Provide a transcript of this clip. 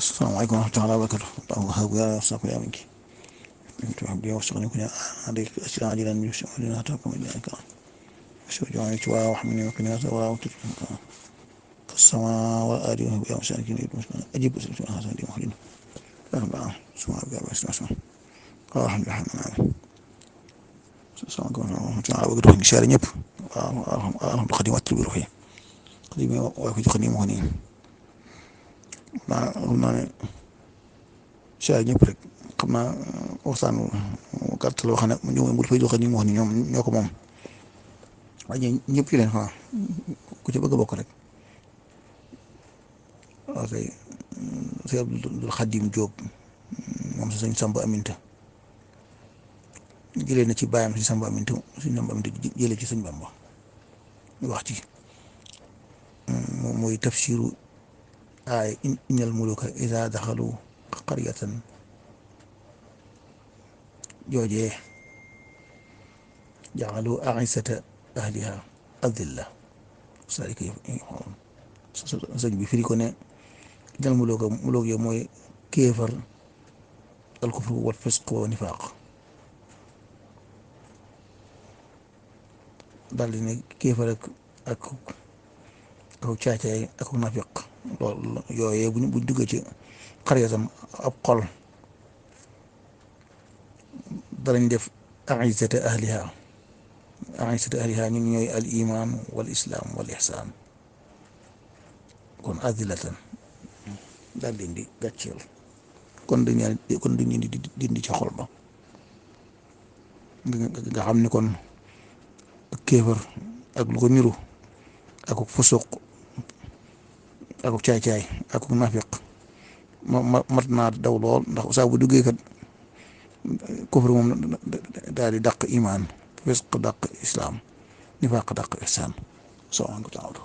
السلام عليكم ورحمة الله وبركاته الله هؤلاء يصدق يا منك تحب يا وصغني كنا عليك أسرع عجلا من لنا سؤالنا إلا إلى الكرام جواني توا وحمني وكنا توا وتركنا السماء والأرض وهب يا مساكين المسلمين أجيب أسئلة هذا اليوم محلين أربعة سواء بيا بس سواء قال الحمد لله من عالم السلام عليكم ورحمة الله وبركاته إن شاء الله نيب أرحم أرحم القديمات الروحية قديمة وأكيد قديمة هنين naa xam naa ne saa ñëpp rek xam naa euh, waxtaan gàtt loo xam ne ñoom bu fay ñoo ko moom waaye ñëpp ci leen xanaa ci bëgg a euh, Samba Aminta jëlee na ci bàyyam suñ Samba Aminta jëlee ci sëñ Bamba wax ci moom mooy tafsiru آية إن, الملوك إذا دخلوا قرية جوجيه جعلوا أعزة أهلها أذلة سالك يفهم سج بفري إن الملوك ملوك يوم كيفر الكفر والفسق والنفاق دال كيفر أكو أكو شاشة أكو نافق loolu yooyee buñ buñ duggee ci xaritam ab xol danañ def aizata ahliha aizata ahliha ñun ñooy al iman wal islam wal ihsan kon adilatan daal leen di gàcceel kon dañu kon dañu di dindi ci xol ba nga xam ni kon ak kéefar ak lu ko ak fusuq akuk caay-caay akuk nafiq ma mat naa daw lool ndax saa bu duggee kat kufr moom daal di dàq imaan fisq dàq islaam nifaaq dàq ihsaan soo anko taawdu